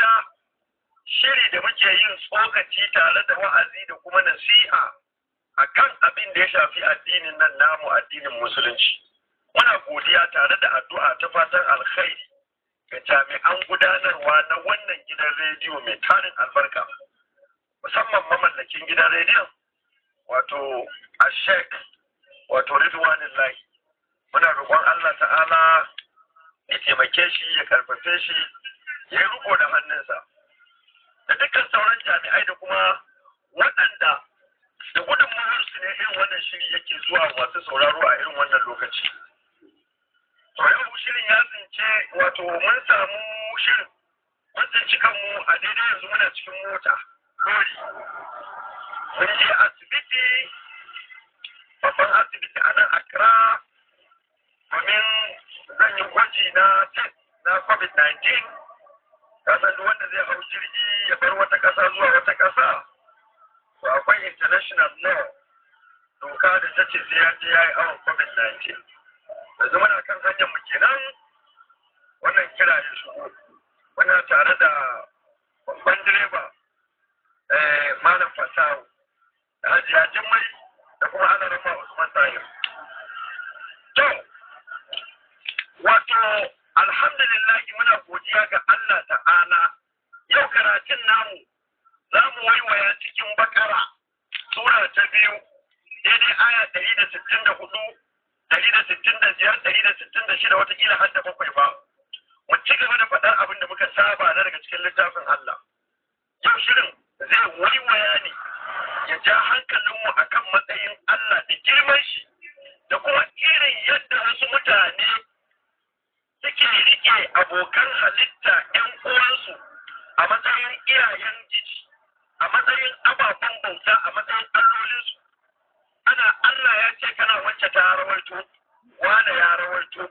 gida shiri da muke yin tsokaci tare da wa'azi da kuma nasiha a kan abin da ya shafi addinin nan namu addinin musulunci muna godiya tare da addu'a ta fatan alkhairi ga jami'an gudanarwa na wannan gidan rediyo mai tarin albarka musamman mamallakin gidan rediyon wato a shek wato ridwanin lai muna roƙon allah ta'ala ya taimake shi ya karfafe shi ya yi riko da hannunsa da dukkan sauran jami'ai da kuma waɗanda da gudun su ne irin wannan shiri yake zuwa masu sauraro a irin wannan lokaci to yau shirin ya tsince wato mun samu shirin mun tsinci kanmu a daidai yanzu muna cikin mota lori mun je asibiti babban asibiti a nan Accra domin zan yi gwaji na test na covid-19 kasan duk wanda zai hau jirgi ya bar wata ƙasa zuwa wata ƙasa to akwai international law doka da ta ce sai ya ya yi awon covid-19 yanzu na kan hanyar mu kenan wannan kira ya shigo muna tare da babban direba eh, malam fasahu da hajiya jimmai da kuma ana rufa usman tahir to wato Alhamdulillahi, muna godiya ga Allah ta'ala yau karatun namu za mu waiwaya cikin bakara sura ta biyu daidai aya ɗari da sittin da hudu ɗari da sittin da biyar ɗari da sittin da shida watakila har da bakwai ba mu ci gaba da faɗar abin da muka saba na daga cikin littafin Allah yau shirin zai waiwaya ne ya ja hankalinmu akan matsayin Allah da girman shi da kuma irin yadda wasu mutane suke riƙe abokan halitta 'yan uwansu a matsayin iyayen jiji, a matsayin ababen bauta a matsayin allolinsu ana Allah ya ce kana wacce ta rawarto wane ya rawarto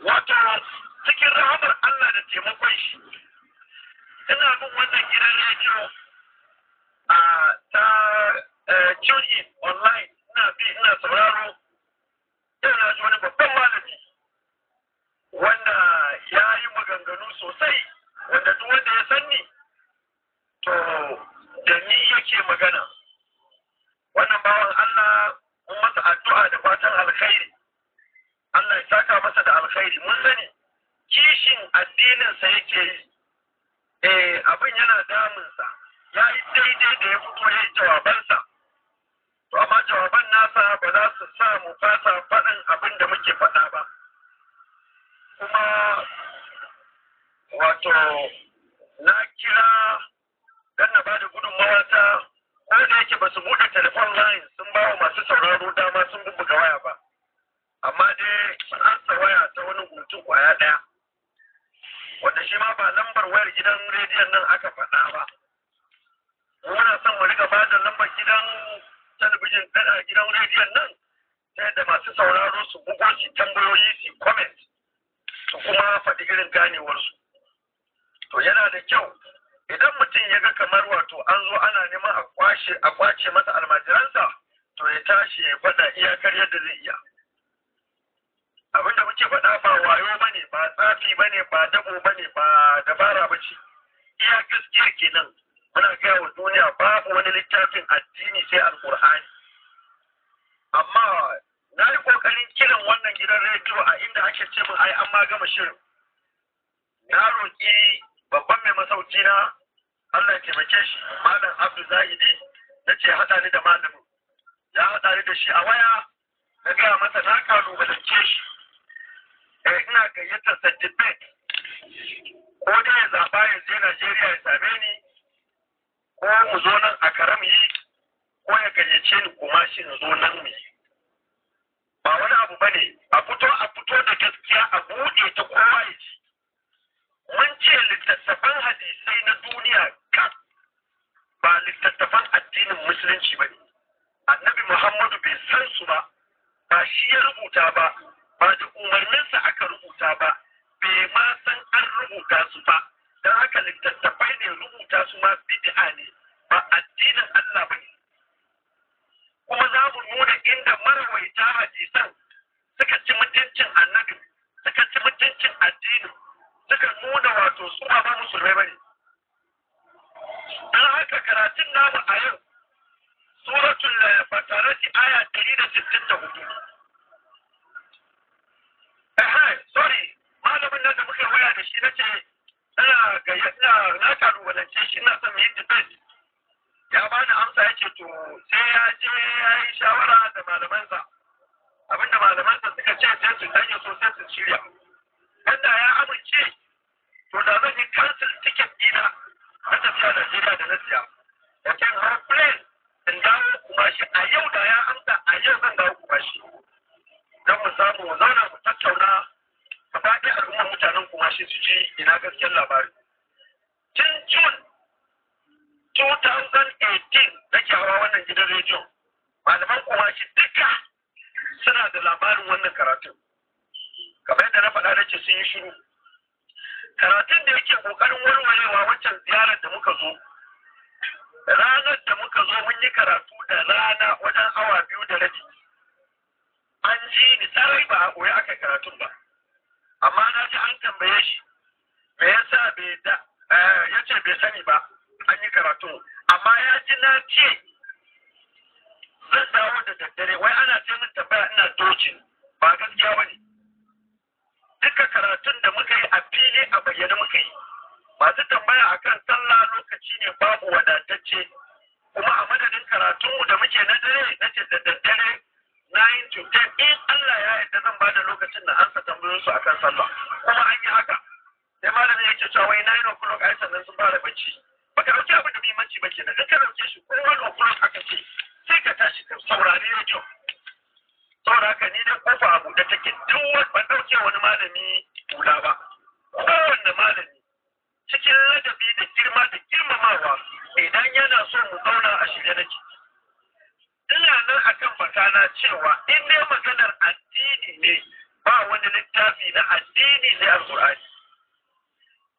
wato cikin rahamar Allah da taimakon shi ina bin wannan gidan rediyo a ta eh, tune in online ina bi ina sauraro yau na ji wani babban malami wanda ya yi maganganu sosai wanda duk wanda ya sanni to da ni yake magana wannan bawan Allah mun masa addu'a da fatan alkhairi Allah ya saka masa da alkhairi mun sani kishin addininsa yake yi eh abin yana damunsa ya yi daidai da ya fito ya yi jawabansa amma jawaban nasa ba za su sa mu fata faɗin abin da muke faɗa ba kuma wato na kira don na da gudunmawa ta ko da yake ba su buɗe telefon line sun ba wa masu sauraro dama sun bubbuga waya ba amma dai an waya ta wani hutun kwaya ɗaya wanda shi ma ba lambar wayar gidan rediyon nan aka faɗa ba muna son mu riga ba da lambar gidan talabijin a gidan rediyon nan ta yadda masu sauraro su bugo su tambayoyi su comment su kuma faɗi irin ganewarsu to yana da kyau idan mutum ya ga kamar wato an zo ana neman a kwashe a kwace masa almajiransa to ya tashi ya faɗa iyakar yadda zai iya abinda muke faɗa ba wayo ba ne, ba tsafi ba ne, ba dabo ne, ba dabara ba ce iya gaskiya kenan muna gaya wa duniya babu wani littafin addini sai alkur'ani amma na yi kokarin kiran wannan gidan rediyo a inda ake ce min ai an ma gama shirin na roƙi babban mai masauki na Allah taimake shi malam Abdul Zahidi na ce haɗa ni da malamin ya haɗa ni da shi a waya na gaya masa na kalubalance shi eh ina gayyatar sa debate ko dai ya zaɓa ya je Najeriya ya same ni ko mu zo nan a karam yi ko ya gayyace ni kuma shi in zo nan mu yi ba wani abu bane a fito a fito da gaskiya a buɗe ta kowa ya ci mun ce littattafan hadisai na duniya ka ba littattafan addinin musulunci ba ne annabi muhammadu bai san su ba ba shi ya rubuta ba ba da umarninsa aka rubuta ba bai ma san an rubuta su ba don haka littattafai ne rubuta su ma bid'a ne ba addinin Allah ba ne kuma za mu nuna inda marwaita hadisan suka ci mutuncin annabi suka ci mutuncin addinin suka nuna wato su ma ba musulmai ba ne don haka karatun namu a yau suratul fatarati aya 164 sorry malamin nan da muka waya da shi nace ina ga ina na kalubalance shi ina son yin debate ya bani amsa ya ce to sai ya je ya yi shawara da malamansa abinda malamansa suka ce sai su danye so sai su shirya wanda ya amince to da zan yi cancel ticket dina na tafiya Najeriya da na siya da kan har plane ce ina gaskiyar labari. Tun June 2018 na kyawa wannan gidan rediyon, malaman kuma shi duka suna da labarin wannan karatun. Kamar yadda na faɗa na ce sun yi shiru. Karatun da yake ƙoƙarin warwarewa wancan ziyarar da muka zo, ranar da muka zo mun yi karatu da rana wajen awa biyu da rabi an ji ni sarai ba a koyi aka karatun ba amma na ji an tambaye shi Allah bai da eh, ya ce bai sani ba an yi karatu amma ya ji na ce zan dawo da daddare wai ana ce min tambaya ina dokin ba gaskiya ba ne duka karatun da muka yi a fili a bayyane muka yi masu tambaya akan sallah lokaci ne babu wadatacce kuma a madadin karatunmu da muke na dare na ce da daddare 9 to 10 in Allah ya yarda zan ba da lokacin na ansa tambayoyinsu akan sallah kuma an yi haka sai malami ya yake cewa wai nine o'clock ai sannan sun fara bacci ka dauki abu da muhimmanci ba ke nan, in ka dauke shi ko wani o'clock aka ce sai ka tashi ka saurari radio saboda haka ni dai kofa a buɗe take duk wani ban ɗauke wani malami kula ba kowanne malami cikin ladabi da girma da girmamawa idan yana so mu zauna a shirye nake ina nan akan bakana cewa in dai maganar addini ne ba wani littafi na addini ne alqur'ani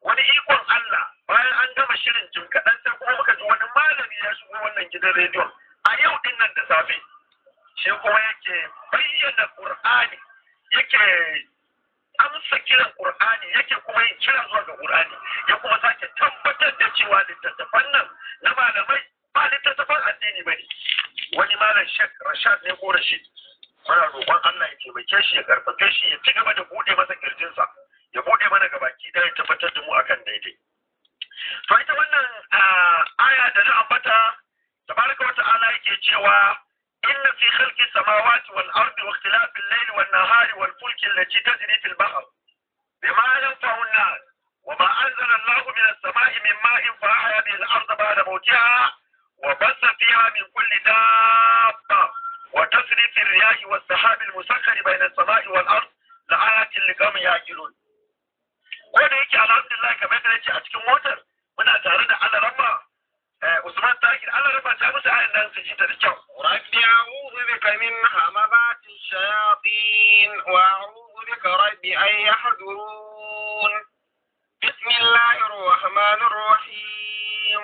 wani ikon Allah bayan an gama shirin jim kaɗan sai kuma muka ji wani malami ya shigo wannan gidan rediyon a yau din nan da safe shi kuma yake bayyana Qur'ani yake amsa kiran Qur'ani yake kuma yin kiran zuwa ga Qur'ani ya kuma sake tabbatar da cewa littattafan nan na malamai ba littattafan addini ba ne. wani malam Sheikh Rashad ne ko Rashid muna roƙon Allah ya taimake shi ya karfafe shi ya ci gaba da buɗe masa kirjinsa ya bude mana gabaki ɗaya tabbatar da mu akan daidai to ita wannan aya da na ambata tabaraka wa ta'ala yake cewa inna fi khalqi samawati wal ardi wa ikhtilafi al-layli wan nahari wal fulki allati tajri fil bahr bima yanfa'u an-nas wa ma anzala Allahu min as-sama'i min ma'in fa ahya bihi al-arda ba'da mawtiha wa bassa fiha min kulli dabba wa tasrifi ar-riyahi was-sahabi al-musakhkhari bayna as-sama'i wal ardi la'ayatin liqawmin ya'qilun ko da yake alhamdulillah kamar da nace a cikin motar muna tare da Allah rabba Usman Tahir Allah rabba ta musu ayan nan su ji ta da kyau Rabbi a'udhu bika min hamazati shayatin wa a'udhu bika rabbi an yahdurun بسم الله الرحمن الرحيم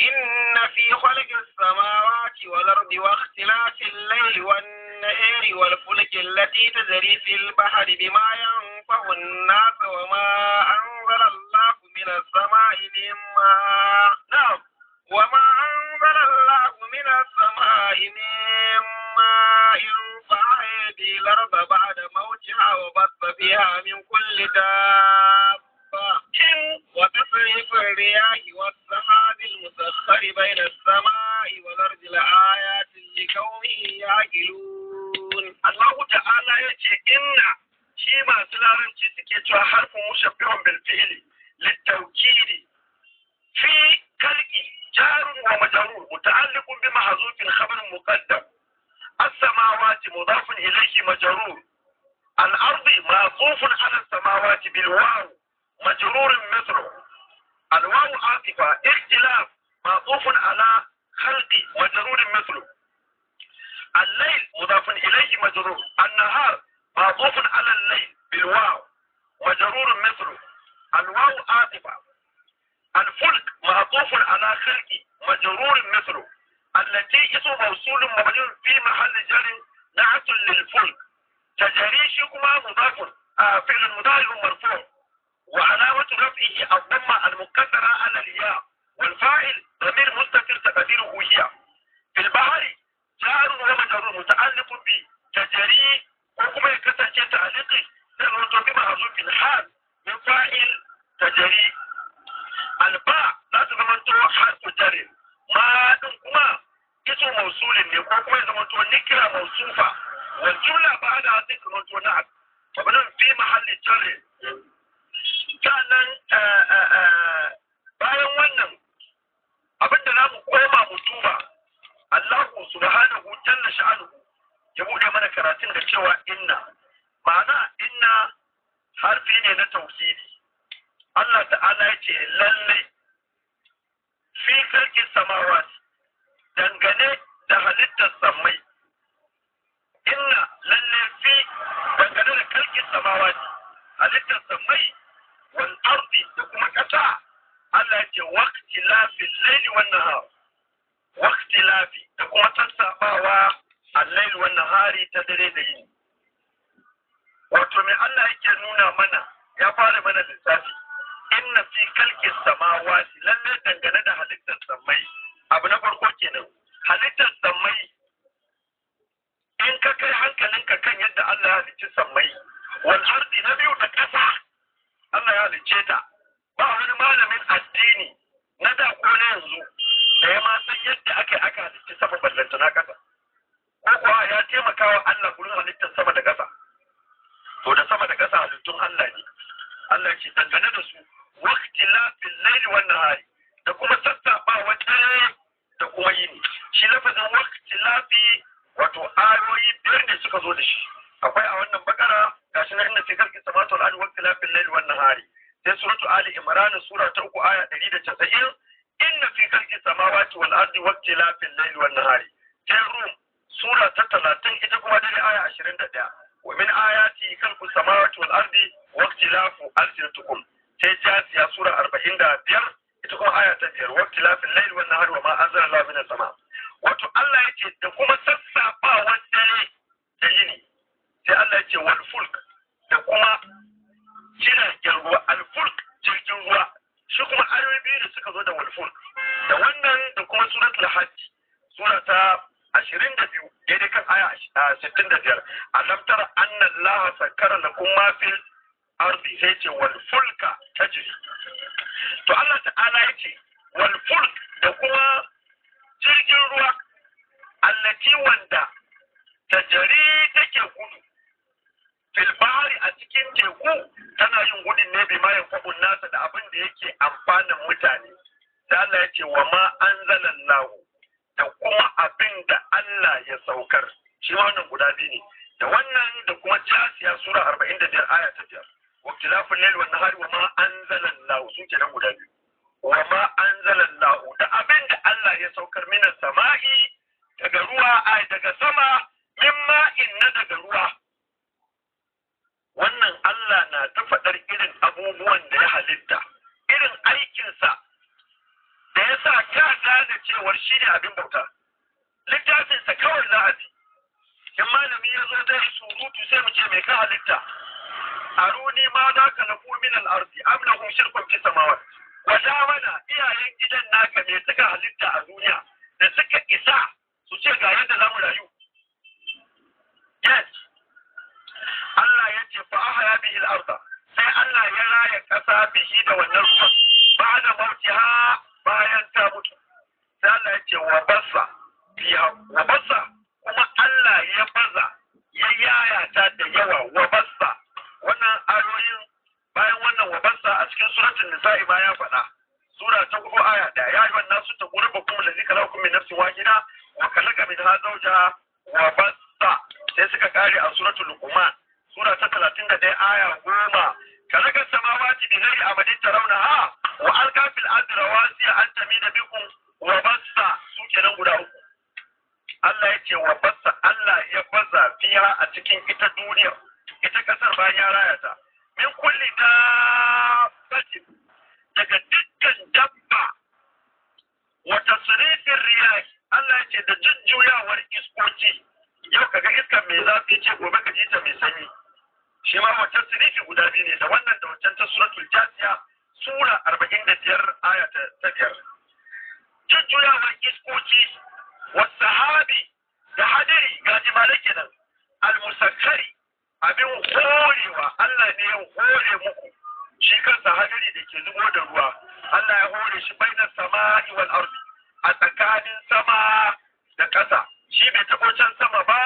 إن في خلق السماوات والأرض واختلاف الليل والنهار والفلك التي تجري في البحر بما ينفع ينفع الناس وما أنزل الله من السماء من ماء نعم وما أنزل الله من السماء من ماء فأحيدي الأرض بعد موتها وبث فيها من كل دابة وتصريف الرياح والسحاب المسخر بين السماء والأرض لآيات لقوم يعقلون الله تعالى يقول إن shi masu larabci suke cewa harfin mushabbihun bil fi'li للتوكيد في كلك جار ومجرور متعلق بمحذوف خبر مقدم السماوات مضاف اليه مجرور الارض موقوف على السماوات بالواو مجرور مثله الواو عاطفه اختلاف موقوف على خلق مجرور مثله الليل مضاف اليه مجرور النهار معطوف على الليل بالواو وجرور مثله الواو عاطفة الفلك معطوف على خلقي مجرور مثله التي اسم موصول مبني في محل جر نعت للفلك تجري مضاف آه، فعل مضارع مرفوع وعلاوة رفعه الضمة المكسرة على الياء والفاعل ضمير مستتر تقديره هي في البحر جار ومجرور متعلق بتجري ko kuma ya kasance ta aliki zai zanto bi mahazufin hal min fa'il tajari alba za ta zamanto harfu jarin ma din kuma iso mausulin ne ko kuma ya zamanto nikira mausufa wal jumla ba'da zai zamanto na'at وبنون في محل الجر sannan bayan wannan abinda za mu koma mu tuba Allahu subhanahu jalla sha'anuhu ya buɗe mana karatun da cewa inna ma'ana inna harfi ne na tauhidi Allah ta'ala ya ce lalle fi kalkin samawat dangane da halittar sammai inna lalle fi dangane da kalkin samawat halittar sammai wal ardi da kuma kasa Allah ya ce waqti lafi laili wan nahar waqti lafi da kuma tasabawa allai wa nahari ta dare da yini wato mai Allah yake nuna mana ya fara mana lissafi inna fi kalki samawati lalle dangane da halittar samai abu na farko kenan halittar samai in ka kai hankalinka kan yadda Allah ya halicci samai wal ardi na biyu da ƙasa Allah ya halicce ta ba wani malamin addini na da ko na yanzu da ya ma san yadda aka aka halicci sama ballantana na ƙasa ko kuwa ya taimaka wa Allah gurin halittar sama da ƙasa to da sama da ƙasa halittun Allah ne Allah ce dangane da su lafin layli wannan hari, da kuma sassaɓa dare da kuma yini shi lafazin lafi wato ayoyi biyar ne suka zo da shi akwai a wannan bakara gashi nan inda fi kalki samatul an lafin layli wannan hari. sai suratu ali imran sura ta uku aya ɗari da 190 inna fi kalki samawati wal ardi waqtilafil layli wannan hari. sai rum sura ta talatin ita kuma dai aya ashirin da ɗaya wa min ayati kalku samawati wal ardi wa ikhtilafu alsinatukum sai jasiya sura arba'in da biyar ita kuma aya ta biyar wa ikhtilafin layl wan nahar wa ma anzala Allah min sama wato Allah ya ce da kuma sassafawan dare da yini sai Allah ya ce wal fulk da kuma jiragen ruwa al fulk jirgin ruwa shi kuma ayoyi biyu da suka zo da wal fulk da wannan da kuma suratul hajj sura ta ashirin da biyu daidai kan aya ah, sittin da biyar alamtar annan laha sakara na kuma fil arzi sai ce wal fulka ta jiri to Allah ta'ala ya ce wal fulk da kuma jirgin ruwa allati wanda ta jari take gudu filbari a cikin teku tana yin gudun ne bai mayan kwabun nasa da abin da yake amfanin mutane da Allah ya ce wa ma lahu da kuma abin da Allah ya saukar shi wannan guda biyu ne da wannan da kuma jasiya sura arba'in da biyar aya ta biyar wa kilafin lail wa nahari wa ma anzalan lahu su kenan guda biyu wa ma anzalan lahu da abin da Allah ya saukar mina sama'i daga ruwa ai daga sama min ma'in na daga ruwa wannan Allah na ta faɗar irin abubuwan da ya halitta irin aikinsa da ya sa ta gane cewar shi ne abin bauta littafinsa kawai za a in malami ya zo zai surutu sai mu ce mai ka halitta aruni ma za ka lafu min al'arzi am lahu shirkun fi samawat wata mana iyayen gidan naka ne suka halitta a duniya da suka isa su ce ga yadda za mu rayu yes Allah ya ce fa ahya bihi al-ardh sai Allah ya raya kasa bihi da wannan ruwan ba da mautiha bayan ta mutu sai Allah ya ce wa basa biya wa basa kuma Allah ya baza ya ta da yawa wa basa wannan ayoyin bayan wannan wa basa a cikin suratul nisa'i ba ya faɗa sura ta hudu aya da ya yi wannan su ta gurba kuma da zikara ku min nafsin wahida wa kalaka min hazauja wa basa sai suka kare a suratul luqman sura ta 31 aya goma kalaka samawati bi ghairi amadin tarawna ha wa alka fil ardi rawasiya an tamida bikum wa bassa su kenan guda uku Allah ya ce wa bassa Allah ya baza fiya a cikin ita duniya ita kasar bayan ya raya ta min kulli dabbatin daga dukkan dabba wa tasrifin riyahi Allah ya ce da jujjuyawar iskoki yau kaga iska mai zafi ce gobe ka ji ta mai sanyi shi ma wata tasrifi guda biyu ne da wannan da wancan ta suratul jasiya sura arba'in da biyar aya ta biyar jujjuyawan iskoki wasu habi da hadiri ga jimalai kenan almusakari abin horewa Allah ne ya hore muku shi kansa hadiri da ke zubo da ruwa Allah ya hore shi bainar sama iwal ardi a tsakanin sama da ƙasa shi bai taɓo can sama ba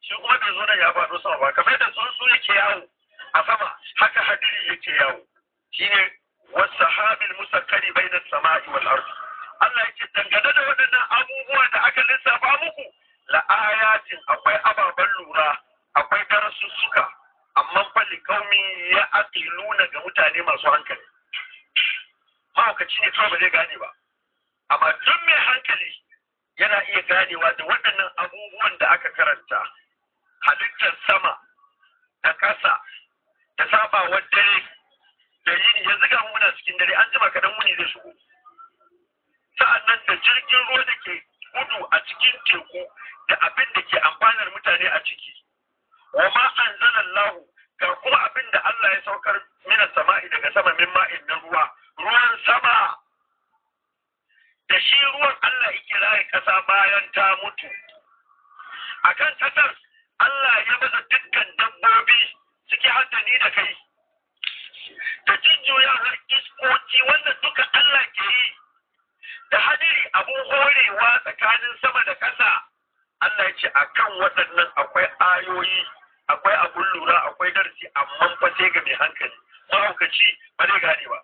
shi kuma bai zo da ya faɗo sama ba kamar da tsuntsu yake yawo a sama haka hadiri yake yawo shine والسحاب المسكر بين السماء والأرض Allah ce dangane da waɗannan abubuwan da aka lissafa muku la akwai ababen lura akwai darasussuka amma falli kaumi ya aqiluna ga mutane masu hankali mahaukaci ne kawai ba zai gane ba amma duk mai hankali yana iya ganewa da waɗannan abubuwan da aka karanta halittar sama da ƙasa da sabawar dare dalili yanzu ga muna cikin dare an jima kaɗan muni zai shigo sa'annan da jirgin ruwa da ke gudu a cikin teku da abin da ke amfanar mutane a ciki wa ma anzalallahu ga kuma abin da Allah ya saukar mina sama'i daga sama min ma'in na ruwa ruwan sama da shi ruwan Allah yake raye kasa bayan ta mutu akan kasar Allah ya baza dukkan dabbobi suke haddani da kai da jujjuya har iskoki wanda duka Allah ke yi da hadiri abun horewa tsakanin sama da ƙasa Allah ya ce kan waɗannan akwai ayoyi akwai abun lura akwai darsi amma fa sai ga mai hankali mahaukaci ba zai gane ba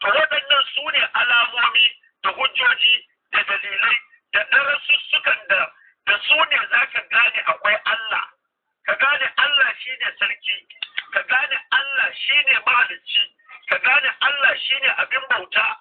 to waɗannan su ne alamomi da hujjoji shine abin bauta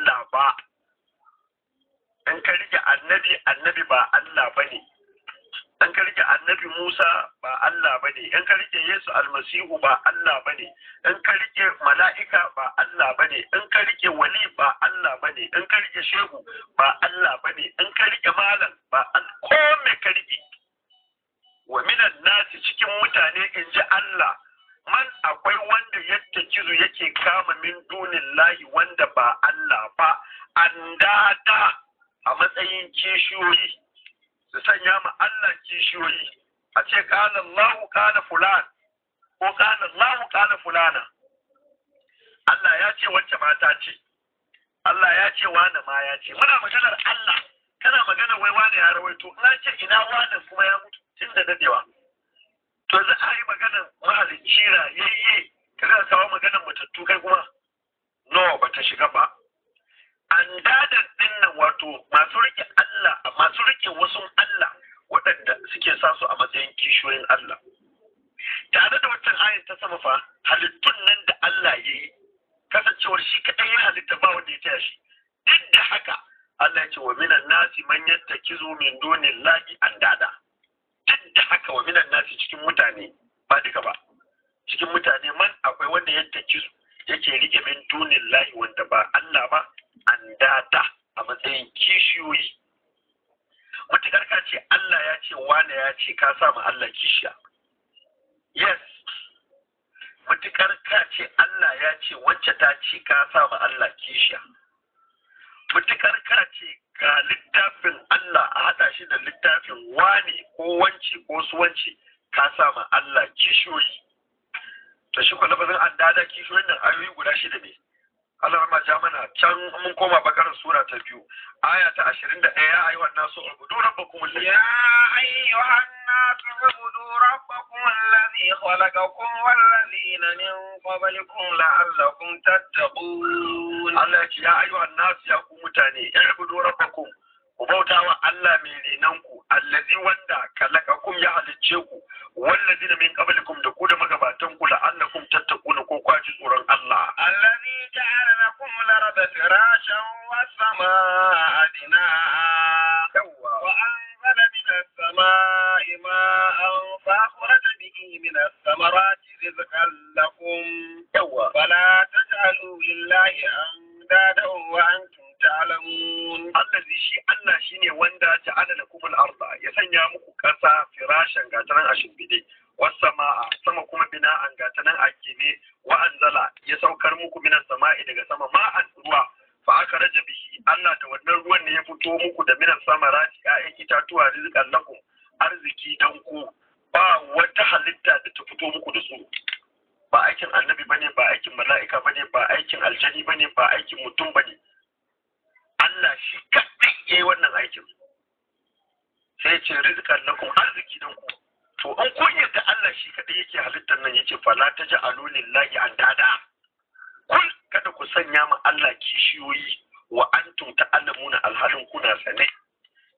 Allah ba an ka rike annabi annabi ba Allah ba ne an ka rike annabi Musa ba Allah ba ne an ka rike Yesu almasihu ba Allah ba ne an ka rike mala'ika ba Allah ba ne an ka rike wali ba Allah ba ne an ka rike shehu ba Allah ba ne an ka rike malam ba ko me ka rike wa minan nasi cikin mutane in ji Allah man akwai wanda yadda kizo yake kama min dunin layi wanda ba Allah ba an dada a matsayin kishiyoyi su sanya ma Allah kishiyoyi a ce kana Allahu kana fulan ko kana lahu, kana fulana Allah ya ce wacce mata ce Allah ya ce wani ma ya ce muna maganar Allah kana magana wai wani ya rawaito ina ce ina wani kuma ya mutu tun da dadewa to za a yi maganar mahalicci rayayye ka za samu maganar matattu kai kuma no ba ta shiga ba an dadan nan wato masu rike Allah masu rike wasu Allah waɗanda suke sa su a matsayin kishiyoyin Allah tare da wancan ayin ta sama fa halittun nan da Allah ya yi kasancewar shi kaɗai ya halitta ba wanda ya taya shi duk da haka Allah ya ce wa minan nasi man yattakizu min dunillahi dada. Yadda haka wa minan nasi cikin mutane ba duka ba cikin mutane man akwai wanda ya taki yake rike min dunin lahi wanda ba Allah ba an data a matsayin kishiyoyi matukar ka ce Allah ya ce wane ya ce ka sa ma Allah kishiya yes matukar ka ce Allah ya ce wacce ta ce ka sa ma Allah kishiya mutukar ka ga littafin Allah a haɗa shi da littafin wani ko wanci ko suwanci ka sa ma Allah kishiyoyi to shi kwalabazin an dada kishoyin nan ayoyi guda shida ne Allah ma ja mana can mun koma bakarar sura ta biyu aya ta 21 ya ayyuhan nasu ubudu rabbakum ya ayyuhan nasu ubudu rabbakum alladhi khalaqakum walladhina min qablikum la'allakum tattaqun Allah ya wa nasu ya ku mutane ya ubudu rabbakum ku bauta wa Allah mai renanku allazi wanda kalakakum ya halicce ku wallazi na min qablikum da ku da magabatan ku la'annakum tattaquna ko kwaji tsoron Allah allazi ja'ala lakum al-arda firashan was samaa bina'a wa anzala min as-samaa'i ma'an fa akhraja bihi min ath-thamarati rizqan lakum fala taj'alu lillahi andadan wa antum ta'lamun allazi shi Allah shine wanda ta'ala lakum al-ardha ya sanya muku ƙasa firashan gatanan a shimfide wasama'a sama kuma bina an gatanan a wa anzala ya saukar muku minan sama'i daga sama ma'an ruwa fa aka raja bihi Allah da wannan ruwan ne ya fito muku da minas samarati ya'yan itatuwa rizqan lakum arziki dan ku ba wata halitta da ta fito muku da su ba aikin annabi bane ba aikin mala'ika bane ba aikin aljani bane ba aikin mutum bane Allah shi kaɗai ya yi wannan aikin sai ce na kuma arziki don ku to an kun yadda Allah shi kaɗai yake halittar nan yace fala ta ja'alu a dada? kun kada ku sanya ma Allah kishiyoyi wa antum ta'lamuna alhalin kuna sane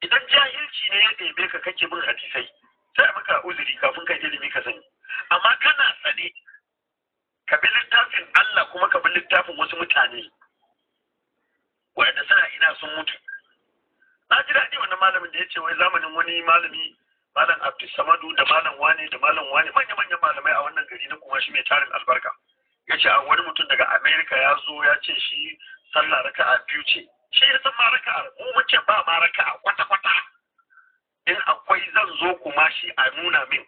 idan jahilci ne ya ɗebe ka kake bin hadisai sai maka uzuri kafin ka ilimi ka sani amma kana sane ka bi littafin Allah kuma ka bi littafin wasu mutane ina sun mutu na ji daɗi wani malamin da ya ce wai zamanin wani malami malam abdul samadu da malam wane da malam wane manya manyan malamai a wannan gari na kuma shi mai tarin albarka ya ce a wani mutum daga america ya zo ya ce shi sallah a biyu ce shi ya san maraka a mu muke ba maraka a kwata kwata in akwai zan zo kuma shi a nuna min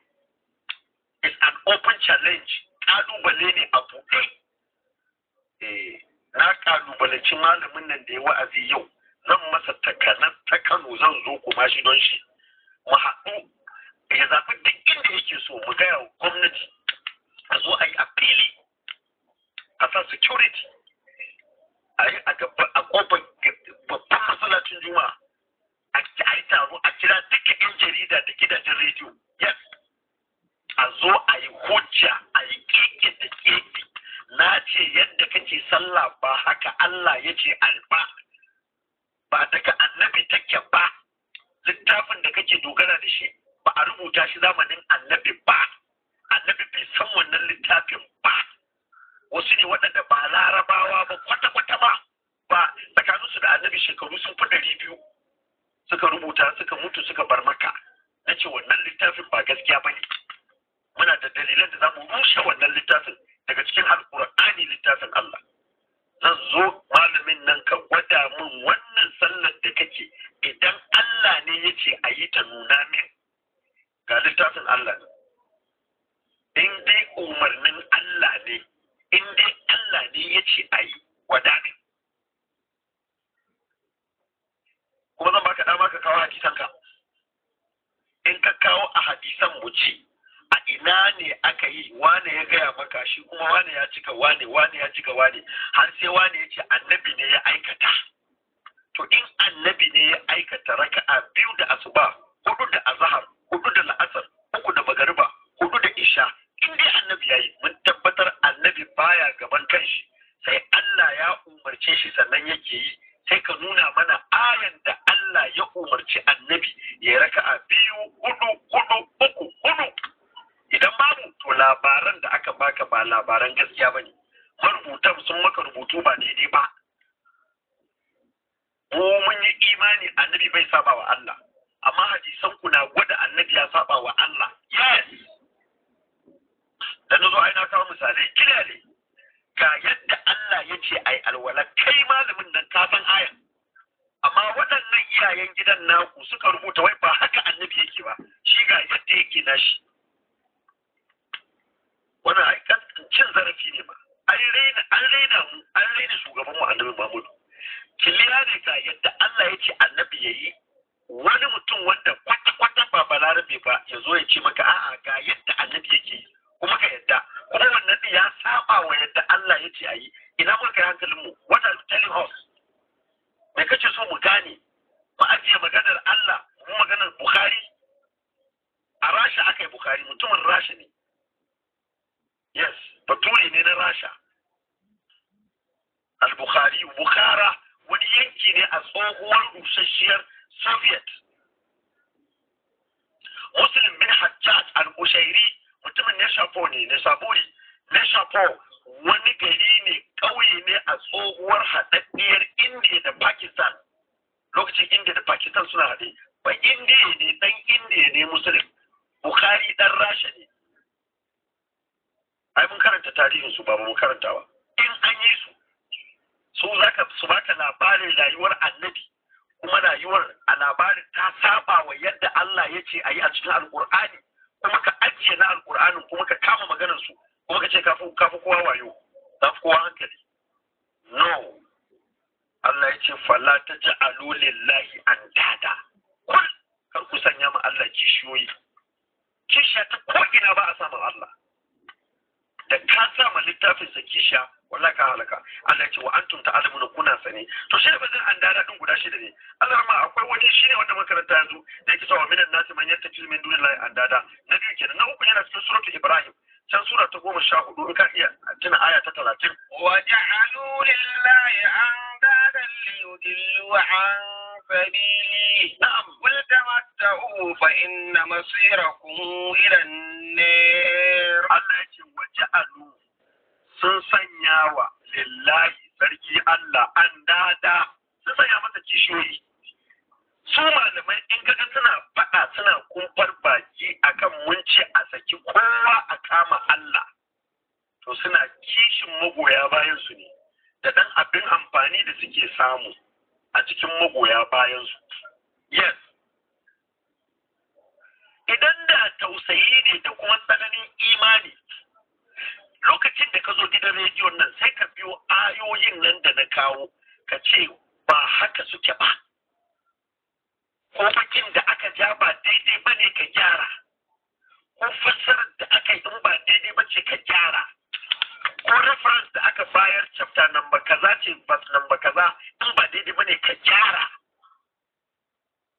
it's an open challenge kalubale ne a buɗe eh na kalubalaci malamin nan da ya wa'azi yau zan masa takanar ta kano zan zo kuma shi don shi mu haɗu ya zaɓi duk inda yake so mu gaya wa gwamnati a zo a yi a fili a sa security a yi a ƙofar babban masallacin juma'a a yi taro a kira duka 'yan jarida da gidajen rediyo yes a zo a yi hujja a yi kekin da kekin na ce yadda kake sallah ba haka Allah ya ce alba ba daga annabi take ba littafin da kake dogara da shi ba a rubuta shi zamanin annabi ba annabi bai san wannan littafin ba wasu ne waɗanda ba larabawa ba kwata-kwata ba ba tsakaninsu da annabi shekaru sun fi ɗari biyu suka rubuta suka mutu suka bar maka na ce wannan littafin ba gaskiya ba ne muna da dalilan da za mu rushe wannan littafin daga cikin alkur'ani littafin Allah zan zo malamin nan ka gwada mun wannan sallar da kake idan Allah ne ya ce a yi ta nuna min ga littafin Allah in dai umarnin Allah ne in dai Allah ne ya ce a yi gwada min wane ya gaya maka shi kuma wane ya cika wane wane ya cika wane har sai wane ya ce annabi ne ya aikata to in annabi ne ya aikata raka'a biyu da asuba hudu da azahar hudu da la'asar uku da magariba hudu da isha in dai annabi ya yi mun tabbatar annabi baya gaban kanshi sai Allah ya umarce shi sannan yake yi sai ka nuna mana ayan da Allah ya umarci annabi ya raka'a biyu hudu hudu labaran da aka baka ba labaran gaskiya ba ne marubutan sun maka rubutu ba daidai ba ko mun yi imani annabi bai saba wa Allah amma hadisan ku na gwada annabi ya saba wa Allah yes da nazo aina kawo misalai ne ga yadda Allah ya ce ai alwala kai malamin nan ka san aya amma waɗannan iyayen gidan naku suka rubuta wai ba haka annabi yake ba shi ga yadda yake nashi wannan cin zarafi ne ba an raina mu an raina shugaban mu annabi Muhammadu kiliya ne ga yadda Allah ya ce annabi yayi wani mutum wanda kwata kwata ba balarabe ba ya zo ya ce maka a'a ga yadda annabi yake yi kuma ka yadda kuma wannan ya saba wa yadda Allah ya ce yi. ina muka yi hankalin mu what are you telling us me kace so mu gane mu ajiye maganar Allah mu maganar Bukhari a Rasha aka yi Bukhari mutumin Rasha ne yes baturi ne na rasha al-bukhari bukhara wani yanki ne a tsohuwar rusasshiyar soviet muslim bin hajjaj al-ushairi mutumin ne shafo ne ne saburi ne shafo wani gari ne ƙauye ne a tsohuwar haɗaɗɗiyar indiya da pakistan lokacin indiya da pakistan suna haɗe ba indiya ne ɗan indiya ne musulun bukhari ɗan rasha ne ai mun karanta tarihin su ba mu karanta ba in an yi su su zaka su baka labarin rayuwar annabi kuma rayuwar a labarin ta saba wa yadda Allah ya ce a yi a cikin alkur'ani kuma ka ajiye na alkur'ani kuma ka kama maganar su kuma ka ce kafi kowa wayo kafi kowa hankali no Allah ya ce fala ta ja'alu an dada. kul kar ku sanya ma Allah kishiyoyi kishiya ta ko'ina ina ba a samun Allah da ka sa ma littafin zakisha wallahi ka halaka Allah ce wa antum ta'lamuna kuna sani to shi da bazin an dada din guda shida ne Allah ma akwai wani shi ne wanda makaranta yanzu da yake cewa minan nasi man yattaki min dunillahi an dada na biyu kenan na uku yana cikin suratul ibrahim can sura ta goma sha hudu in ka iya tuna aya ta talatin wa ja'alu lillahi an dadan liyudillu an سبيلي نعم قل تمتعوا فإن مصيركم إلى النار الله يجي وجعلوا سنسنيا لله سرقي الله أندادا سنسنيا متى تشوي su malamai in kaga suna faɗa suna kumfar baki akan mun ce a saki kowa a kama Allah to suna kishin magoya bayan su ne da ɗan abin amfani da suke samu a cikin magoya bayansu yes idan da tausayi ne da kuma tsananin imani lokacin da ka zo gidan rediyon nan sai ka biyo ayoyin nan da na kawo ka ce ba haka suke ba ko bakin da aka ja ba daidai ba ne ka gyara ko fassarar da aka yi in ba daidai ba ce ka gyara ko reference da aka bayar chapter number kaza ce verse number kaza in ba daidai ne ka gyara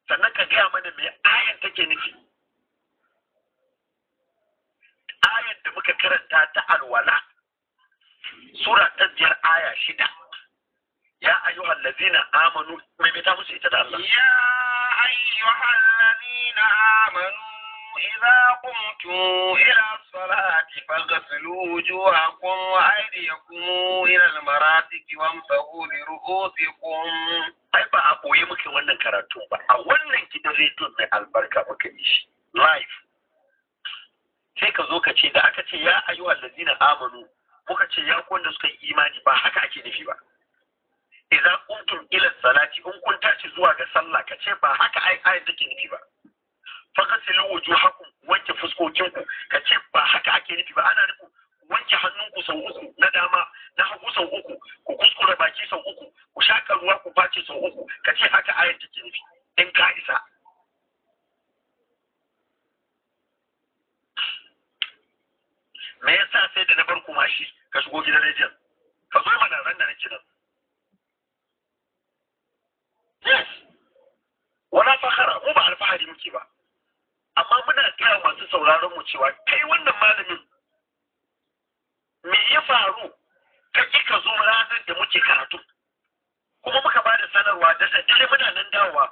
sannan ka gaya mana me ayan take nufi ayan da muka karanta ta alwala sura ta biyar aya shida ya ayyuhal allazina amanu mai ta musu ita da Allah ya ayyuhal allazina amanu إذا قمتم إلى الصلاة فاغسلوا وجوهكم وأيديكم إلى المرافق وامسحوا برؤوسكم ai ba a ɓoye muke wannan karatu ba a wannan gidan rediyon mai albarka live sai ka zo ka ce da aka ce ya ayu allazina amanu muka ce ya wanda suka yi imani ba haka ake nufi ba idza qumtum ila salati in kun tashi zuwa ga sallah ka ce ba haka ai ayat take nufi ba fakasilu wujuhakum wanke fuskokinku ka ce ba haka ake nufi ba ana nufin wanke hannunku sau uku na dama na hagu sau uku ku kuskure baki sau uku ku shaƙa ruwa ku face sau uku ka ce haka ayar take nufi in ka isa me yasa sai da na bar kuma shi ka shigo gidan rediyon ka zo mana ran da nake nan yes wala fakhara mu ba alfahari muke ba amma muna gaya masu sauraron mu cewa kai wannan malamin me ya faru ka ki ka zo ranar da muke karatu kuma muka ba da sanarwa da dare muna nan dawowa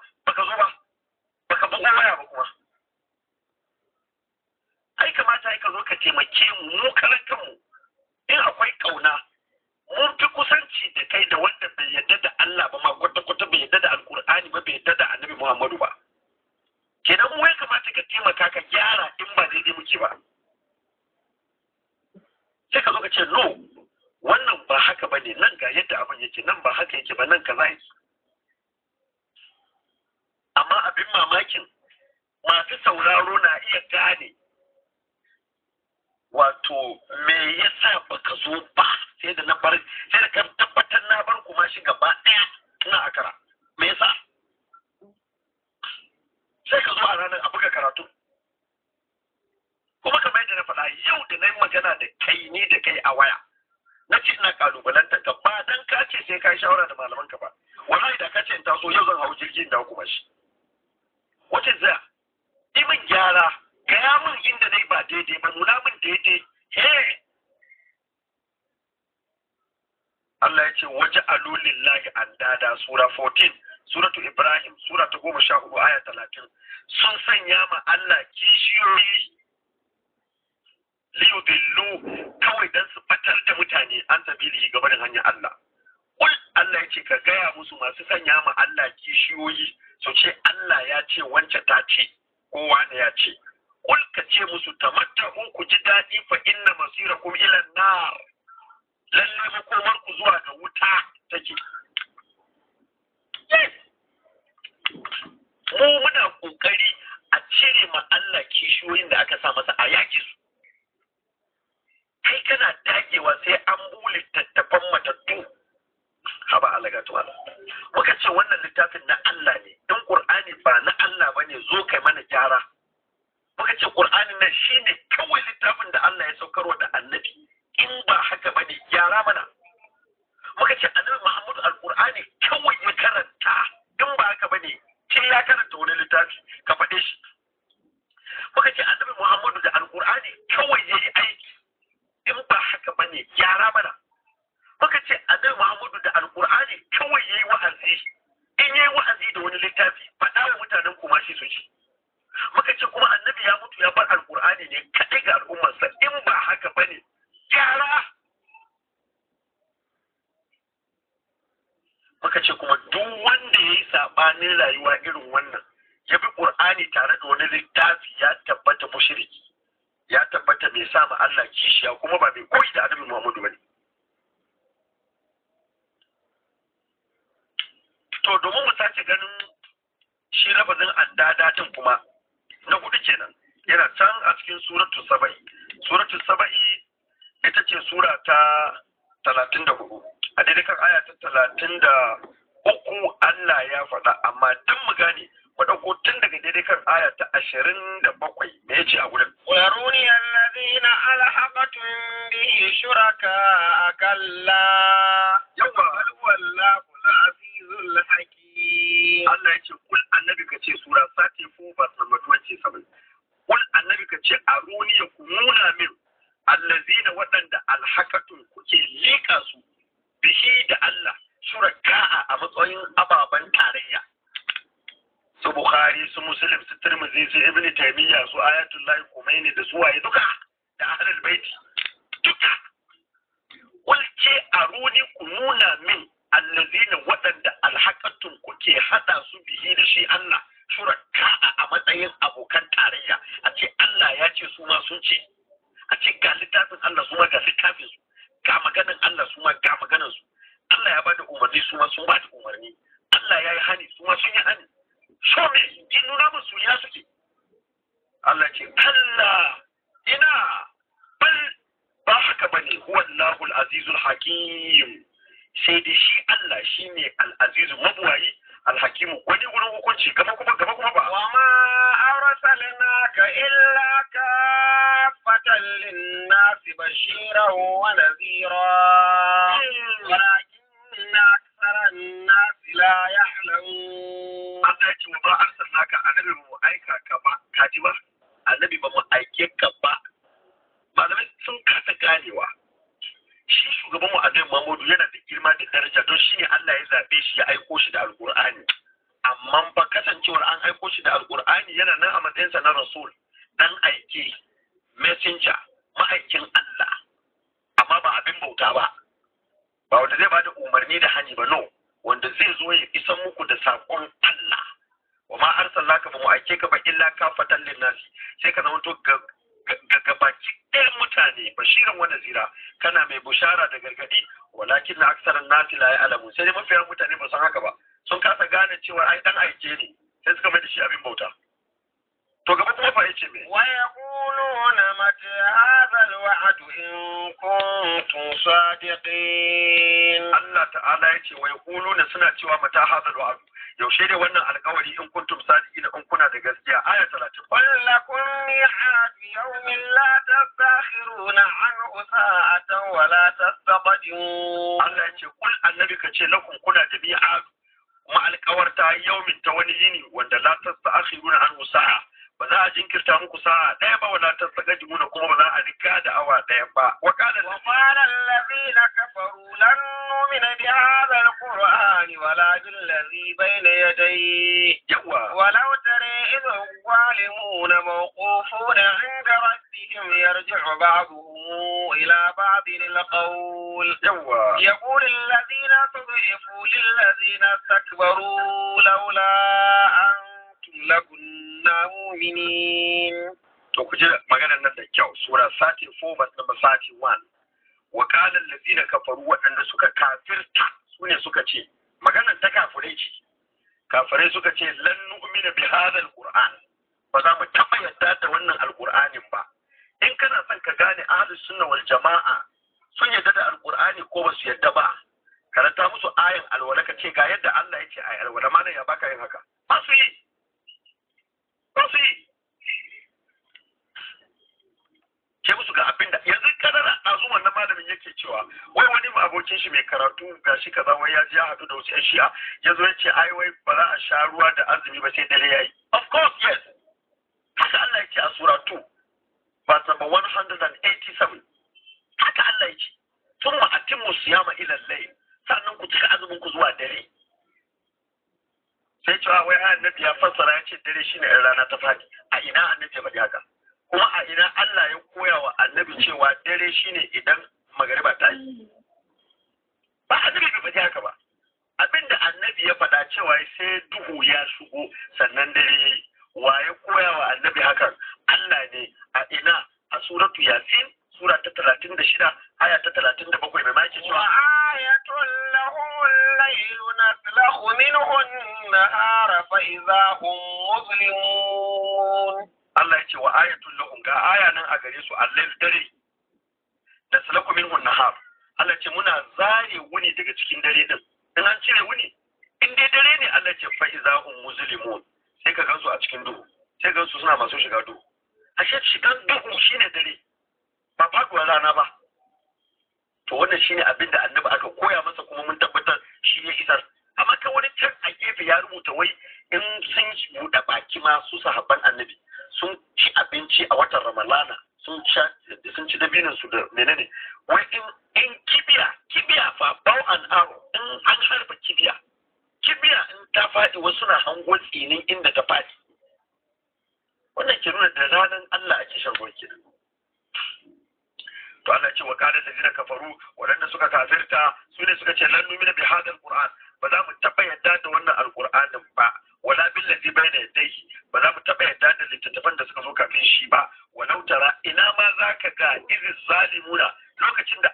kishiyoyin da aka sa masa a yaki su kai kana dagewa sai an bule tattafan matattu haba Allah, tuwala muka ce wannan littafin na Allah ne don ƙur'ani ba na Allah bane zo kai mana gyara muka ce na shi shine kawai littafin da Allah ya saukarwa da annabi in ba haka ba ne gyara mana muka ce annabi Muhammadu al-Qur'ani kawai ya karanta in ba haka ne. kin ya karanta wani littafi ka faɗe shi muka ce annabi Muhammadu da alkur'ani kawai yayi aiki in ba haka bane gyara mana muka ce annabi Muhammadu da alkur'ani kawai yayi wa'azi in yayi wa'azi da wani littafi faɗa wa mutanen kuma shi su ci muka ce kuma annabi ya mutu ya bar alkur'ani ne kaɗai ga al'ummarsa in ba haka bane gyara muka ce kuma duk wanda ya yi saɓanin rayuwa irin wannan ya bi ƙur'ani tare da wani littafi ya tabbata mushriki ya tabbata mai sa ma Allah kishiya kuma ba mai koyi da annabi Muhammadu bane to domin mu sake ganin shi addada addadatin kuma na hudu kenan yana can a cikin suratu saba'i suratu saba'i ita ce sura ta talatin da hudu a daidai kan aya ta talatin da uku Allah ya faɗa amma duk mu gane mu dauko tun daga daidai kan aya ta ashirin da bakwai me ce a gurin waruni allazina alhaqatun bihi shuraka kalla yawa alwallahu alazizul hakim Allah ce kul annabi kace sura sati 4 verse number 27 kul annabi kace aruni nuna min allazina waɗanda alhaqatun kuke lika su bihi da Allah musulun su tirmidhi su ibn taymiya su ayatullahi khomeini da su waye duka da ahlul baiti duka a aruni ku nuna min allazina waɗanda ku ke haɗa su bihi da shi Allah shuraka a matsayin abokan tarayya a ce Allah ya ce su ma sun ce a ce ga littafin Allah su ma ga littafin su cewa ai dan aike ne sai suka mai da shi abin bauta to gaba ta fa yace me wa na mace hazal wa'adu in kuntum sadiqin Allah ta'ala ya ce yace wa na suna cewa mata hazal wa'adu yaushe ne wannan alkawari in kuntum sadiqin in kuna da gaskiya aya 30 qul lakum mi'ad yawmin la tastakhiruna an sa'atan wa la tastaqdimun Allah ce kul annabi kace lakum kuna da mi'ad alkawarta yaumin ta wani yini wanda la tasta'khiruna anhu sa'a ba za a jinkirta muku sa'a ɗaya ba wala tastaqdimuna kuma ba za a riga da awa ɗaya ba wa qala alladhina kafaru lan nu'mina bi hadha alqur'ani wala bil ladhi bayna yadayhi yawa walau إذ الظالمون موقوفون عند ربهم يرجع بعضهم إلى بعض القول يقول الذين تضعفوا للذين استكبروا لولا أنتم لكنا مؤمنين to maganar nan da kyau sura 34 verse number 31 wa qala allazina kafaru waɗanda suka kafirta sune suka ce maganar ta kafirai ce kafirai suka ce lan nu'mina bi hadha alquran ba za mu taba yadda da wannan alqur'anin ba in kana son ka gane ahlus sunna wal jama'a sun yadda da alqur'ani ko ba su yadda ba karanta musu ayin alwala ka ce ga yadda Allah yake ce ayin alwala malam ya baka yin haka ba su yi ba su yi ke musu ga abin da yanzu kadara ɗazu wannan malamin yake cewa wai wani abokin shi mai karatu ga shi kaza wai ya ji ya haɗu da wasu yan shi'a ya zo ya ce ai wai ba za a sha ruwa da azumi ba sai dare ya yi of course yes haka Allah ya ce a sura 2 ba ba 187 haka Allah ce sun ma atimmu siyama ila layl sannan ku cika azumin ku zuwa dare sai cewa wai annabi ya fassara ya ce dare shine rana ta fadi a ina annabi ya faɗi haka kuma a ina Allah ya koya wa annabi cewa dare shine idan magariba ta yi ba annabi bai faɗi haka ba abin da annabi ya faɗa cewa sai duhu ya shigo sannan dare ya yi wa ya koya wa annabi hakan Allah ne a ina a suratu yasin sura ta talatin da shida aya ta talatin da bakwai mai maki cewa ayatun lahul layu na minhu an-nahara fa idza hum muslimun Allah ya ce wa ayatul lahum ga aya nan a gare su allai dare da salaku minhun nahar Allah ce muna zare wuni daga cikin dare din in an cire wuni in dai dare ne Allah ce fa iza hum muzlimun sai ka gansu a cikin duhu sai gansu suna masu shiga duhu ashe shigan duhu shine dare ba faduwar rana ba to wannan shine abin da annabi aka koya masa kuma mun tabbatar shi ne isar amma kawai wani can a gefe ya rubuta wai in sun buɗe baki ma su sahabban annabi sun ci abinci a watan ramalana sun ci dabinin su da menene wai in kibiya kibiya fa bau an aro in an harba kibiya kibiya in ta faɗi wasu na hango tsinin inda ta fadi wannan ke nuna da ranar Allah a shan gurki to Allah ce wa kada da jira kafaru waɗanda suka kafirta su ne suka ce lan numina bi hadal qur'an ba za mu taɓa yadda da wannan alƙur'anin ba wala da yadda yi ba za mu taɓa yadda da littattafan da suka zo kafin shi ba walau tara ina ma za ka ga irin zalimuna lokacin da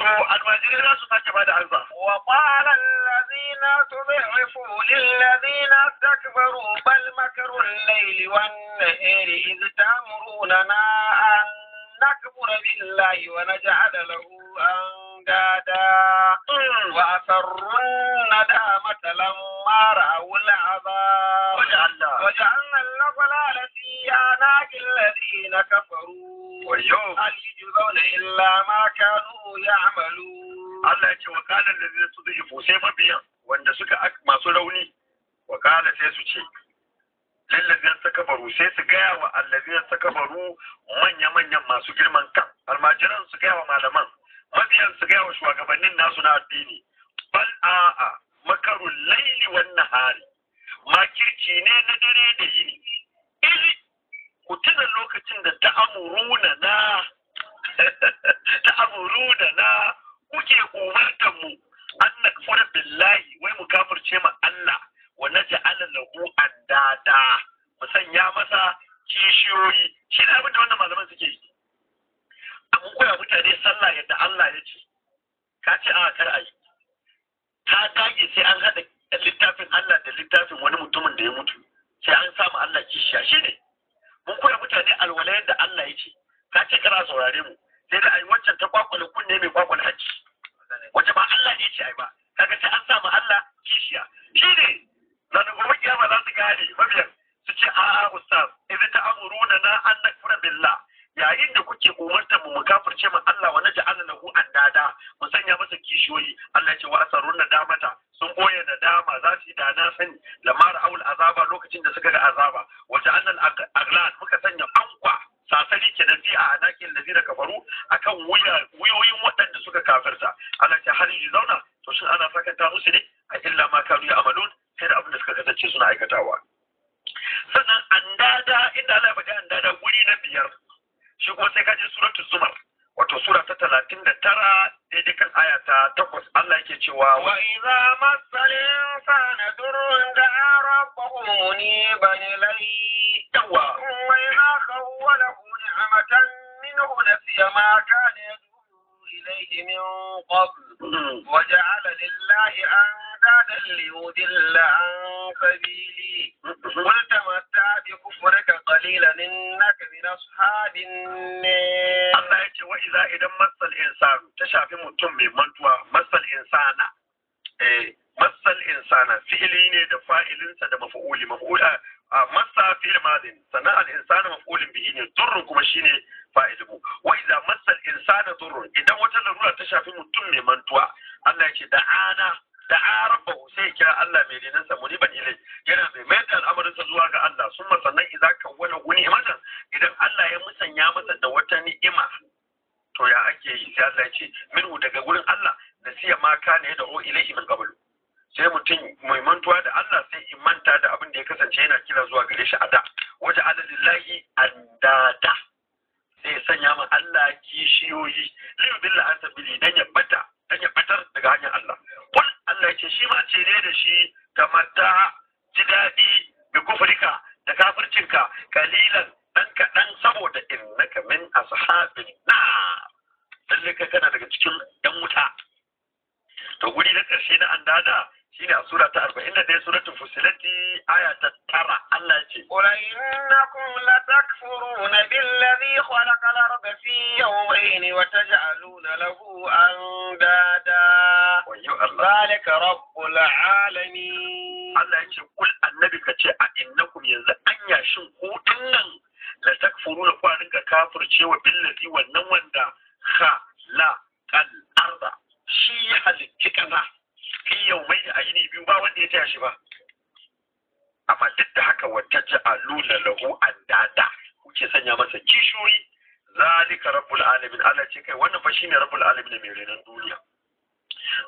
to almajirai za su sake bada ansa wa qala allazina tudhifu lil ladina takbaru bal makaru al-layli wan nahari id tamuruna an nakbura billahi wa naj'ala lahu andada wa asarru nadamata lamma ra'u al-'adab waj'alna al-aghlala fi anaqi alladhina kafaru wayo yujzauna illa ma kanu ya'malu Allah ya ce wa qala allazina tudhifu sai mabiyan wanda suka masu rauni wa sai su ce lallazina takabaru sai su gaya wa allazina takabaru manya-manyan masu girman kan almajiran su gaya wa malaman mabiyan su gaya wa shugabannin nasu na addini bal a'a makarul laili ne na dare da yini ku tuna lokacin da ta'amuruna na ta'amuruna na kuke umartan mu an nakfura billahi wai mu kafirce ma Allah wa naj'ala lahu andada mu sanya masa kishiyoyi shi ne abin da wannan malaman suke yi mun koya mutane sallah yadda Allah ya ce ka ce a kar ayi ta dage sai an haɗa littafin Allah da littafin wani mutumin da ya mutu sai an samu Allah kishiya shi ne mun koya mutane alwala yadda Allah ya ce ka ce kana saurare mu sai da ai wancan ta kwakwale kunne mai kwakwale hajji wacce ba Allah ne ya ce ai ba kaga sai an samu Allah kishiya shi ne na da gobe kiyama za su gane mabiyar su ce a'a ustaz idan ta na an nakfura billah yayin da kuke umartar mu mu kafirce mu Allah wa naj'al lahu andada mu sanya masa kishiyoyi Allah ce wa asarun nadamata sun boye nadama za su yi da na sani lamar aul azaba lokacin da suka ga azaba wa ja'alna al-aghlal muka sanya ankwa ke da fi a anakin da zira kafaru akan wuyoyin waɗanda suka kafirta Allah ce har yi zauna to shin ana sakanta musu ne a illa ma kanu ya amalun sai da abin da suka kasance suna aikatawa sannan andada inda ala ya faɗi andada wuri na biyar shugo sai ka suratul zumar wato sura ta 39 da tara daidai kan aya ta takwas Allah yake cewa wa idza masal insana durrun da'a rabbahu muniban ilayhi yawa wa idza khawwalahu ni'matan minhu nasiya ma kana yad'u ilayhi min qabl wa ja'ala lillahi an شيطانا ليضل عن سبيلي قل تمتع بكفرك قليلا إنك من أصحاب النار الله يقول وإذا إذا مس الإنسان تشافي متم منتوى مس الإنسان مس الإنسان فعلي ده فاعل ده مفعول مفعول masa fi'il madin sannan al-insanu maf'ulun bihi ne durrun kuma shine fa'iluhu wa idza massa al-insana durrun idan wata larura ta shafi mutum mai mantuwa Allah ya ce da'ana da arabba sai ya kira Allah mai rinansa muniban ilai yana mai mayar da al'amarinsa zuwa ga Allah sun sannan idan ka wani guni mata idan Allah ya musanya masa da wata ni'ima to ya ake yi sai Allah ya ce minhu daga gurin Allah nasiya ma ne da o ilahi min qablu sai mutum mai mantuwa da Allah sai in manta da abin da ya kasance yana kira zuwa gare shi a da wajen adadillahi andada sai sanya ma Allah kishiyoyi liyu billah an sabili dan ya bata dan ya batar daga hanyar Allah kun Allah ce shi ma ce ne da shi kamata ji daɗi bi kufrika da kafircinka kalilan dan kaɗan saboda innaka min ashabin na lalle kana daga cikin yan wuta to guri na karshe na an dada shine a sura ta arba'in da 41 suratul fusilati aya ta 9 Allah ya ce qul innakum la takfuruna billadhi khalaqa al-ard fi yawmayn wa taj'aluna lahu andada zalika rabbul alamin Allah ce kul annabi kace ce a innakum yanzu anya shin ku dinnan Latakfuruna takfuruna ku rinka kafircewa billadhi wannan wanda kha la kal arda shi ya halitta kaza fi yaumai da a yini biyu ba wanda ya taya shi ba amma duk da haka wata ja'aluna lahu andada kuke sanya masa kishuri zalika rabbul alamin Allah ce kai wannan fa shine rabbul alamin mai renon duniya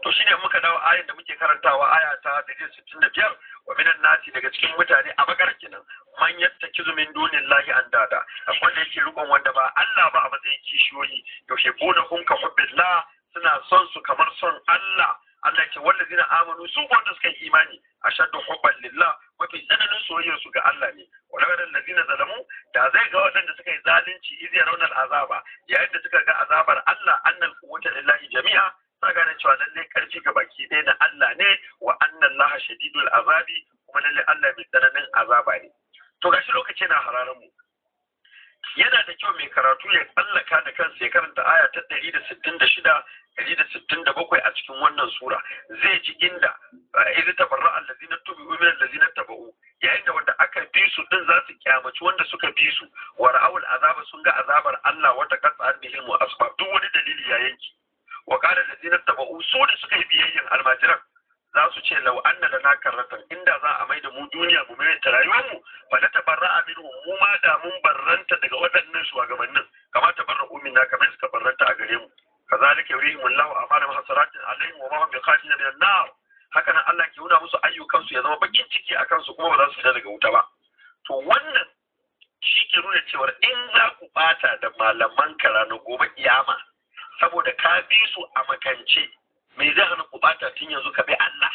to shine muka dawo ayin da muke karantawa aya ta 165 wa minan nasi daga cikin mutane a bakar kenan man yattakizu min dunillahi andada akwai da yake rukun wanda ba Allah ba a matsayin kishiyoyi yaushe gona kun ka hubbillah suna son su kamar son Allah Allah ce wanda zina amanu su wanda suka yi imani a shaddu hubban lillah mafi tsananin soyayya su ga Allah ne walakin ladina zalamu da zai ga waɗanda suka yi zalunci iz raunar azaba yayin da suka ga azabar Allah annal quwwata lillahi jami'a ta gane cewa lalle karfi ga baki ɗaya na Allah ne wa annan laha shadidul azabi kuma lalle Allah mai tsananin azaba ne to gashi lokaci na hararin mu yana da kyau mai karatu ya tsallaka da kansa ya karanta aya ta ɗari da sittin da shida ɗari da sittin da bakwai a cikin wannan sura zai ji inda izi tabarra allazi na tubi umar allazi na taba'u yayin da wanda aka bi su din za su kyamaci wanda suka bi su wa ra'awul azaba sun ga azabar Allah wata kasa an bihil mu asbab duk wani dalili ya yanki wa qala allazi na taba'u su da suka yi biyayyan almajiran za su ce lau anna na karratan inda za a maida mu duniya mu mai ta rayuwar mu fa na tabarra minhu mu ma da mun barranta daga waɗannan shugabannin kama tabarra na kamar suka barranta a gare mu kazalika yurihim Allahu saratin, a alaihim wa ma bi khashina min an-nar haka nan Allah ke nuna musu ayyukansu ya zama bakin ciki a kansu kuma ba za su fita daga wuta ba to wannan shi ke nuna cewa in za ku bata da malaman kara na gobe kiyama saboda ka bi su a makance mai zai hana ku bata tun yanzu ka bi Allah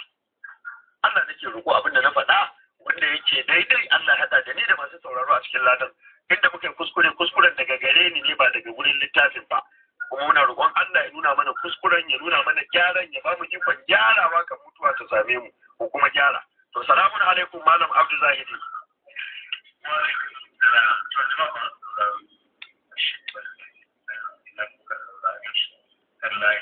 Allah nake roƙo abin da na faɗa wanda yake daidai Allah haɗa da ni da masu sauraro a cikin ladan inda muka kuskure kuskuren daga gare ni ne ba daga wurin littafin ba kuma muna roƙon Allah ya nuna mana kuskuren ya nuna mana gyaran ya ba bamu ikon gyarawa kan mutuwa ta same mu ko kuma gyara to salamun alaikum malam Abdu Zahidi Allah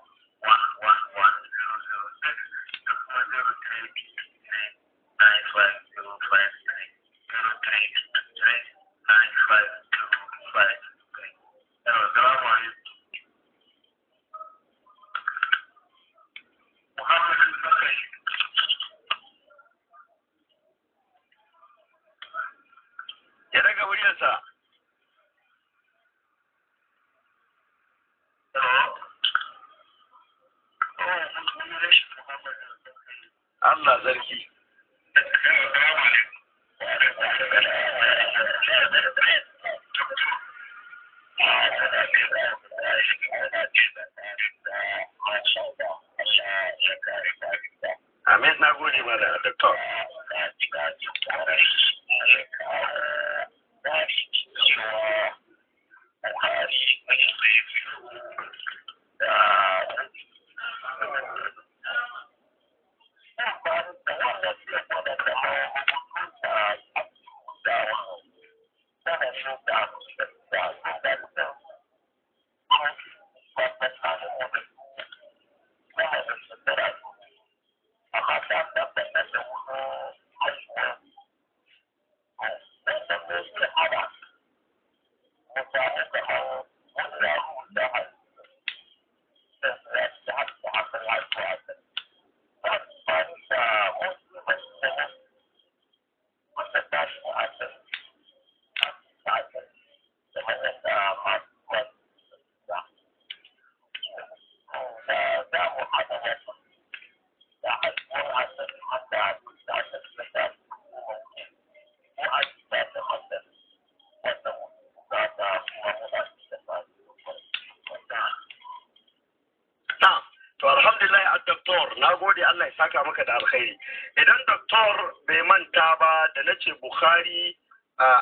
da alkhairi idan doktor bai manta ba da na ce bukhari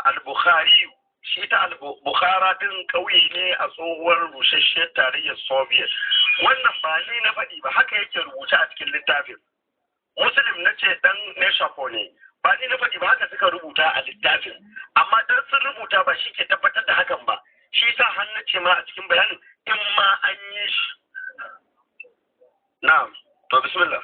al-bukhari shi ta al-bukhara din kauye ne a tsohuwar rusasshiyar tarayyar soviet wannan ba ni na faɗi ba haka yake rubuce a cikin littafin muslim na ce dan neshafo ne ba ni na faɗi ba haka suka rubuta a littafin amma dan sun rubuta ba shi ke tabbatar da hakan ba shi sa hannu ce ma a cikin bayanin in ma an yi shi na'am to bismillah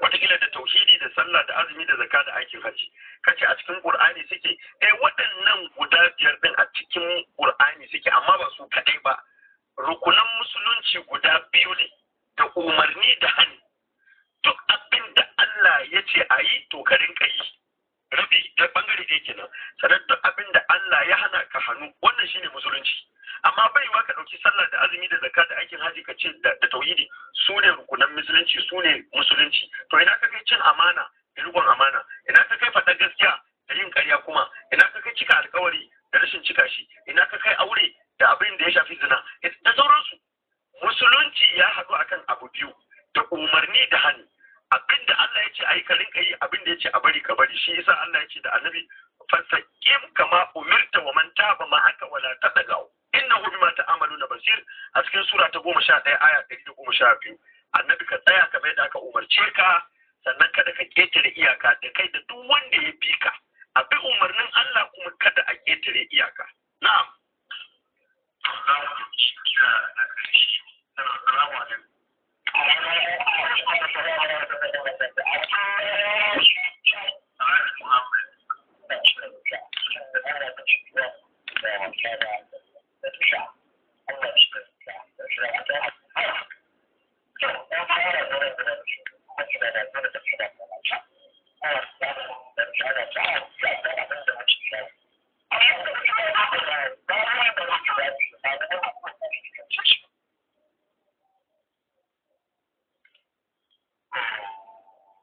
wataƙila da tauhidi da sallah da azumi da Zaka da aikin hajji kace a cikin qur'ani suke eh waɗannan guda biyar din a cikin qur'ani suke amma ba su kadai ba rukunan musulunci guda biyu ne da umarni da hani duk abin da Allah ya ce a yi to ka rinka yi rabi da bangare ɗaya kenan sanar duk abin da Allah ya hana ka hannu wannan shine musulunci amma bai wa ka ɗauki sallah da azumi da zakka da aikin haji ka ce da tauhidi su ne rukunan musulunci su ne musulunci to ina ka kai cin amana da amana ina ka kai faɗa gaskiya da yin ƙarya kuma ina ka kai cika alƙawari da rashin cika shi ina ka kai aure da abin da ya shafi zina da sauransu musulunci ya haɗu akan abu biyu da umarni da hannu abin da Allah ya ce a ka rinka yi abin da ya ce a bari ka bari shi yasa Allah ya ce da annabi fasakim kama umirta wa man taba ma haka wala dagawa innahu bima ta'maluna basir a cikin sura ta 11 aya 112 annabi ka tsaya kamar yadda aka umarce ka sannan kada ka ketare iyaka da kai da duk wanda ya bi ka a bi umarnin Allah kuma kada a ketare iyaka na'am Thank you.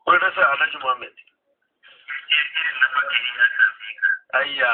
Profesa Alhaji Muhammad. Ayya.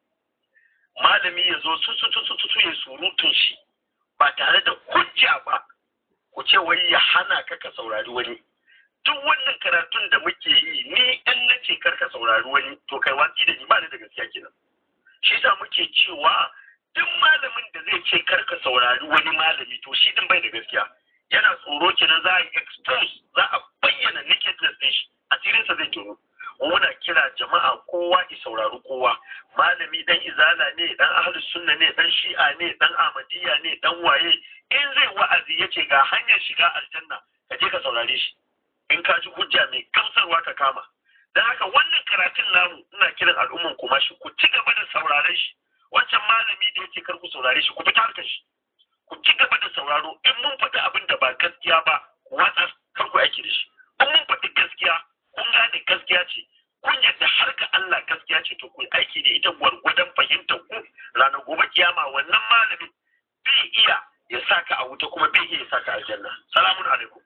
malami ya zo su su ya surutun shi ba tare da hujja ba ku ce wai ya hana ka ka saurari wani duk wannan karatun da muke yi ni ɗan ce kar ka saurari wani to kai watsi da ni ba da gaskiya kenan shi sa muke cewa duk malamin da zai ce kar ka saurari wani malami to shi din bai da gaskiya yana tsoro kenan za a expose za a bayyana nakedness din shi asirinsa zai tono muna kira jama'a kowa i saurari kowa malami dan izala ne dan ahlus sunna ne dan shi'a ne dan ahmadiyya ne dan waye in zai wa'azi yace ga hanyar shiga aljanna ka je ka saurare shi in ka ji hujja mai kamsarwa ka kama dan haka wannan karatun namu ina kiran al'umman kuma shi ku ci gaba da saurare shi wancan malami da yake kar ku saurare shi ku fita harkar shi ku ci gaba da sauraro in mun faɗi abin da ba gaskiya ba ku watsa kar ku aiki da shi in mun faɗi gaskiya kun gane gaskiya ce kun yadda har ka Allah gaskiya ce to kun aiki da ita gwargwadon fahimta, ku ranar gobe kiyama wannan malami bai iya ya saka a wuta kuma bai iya ya saka aljanna salamun alaikum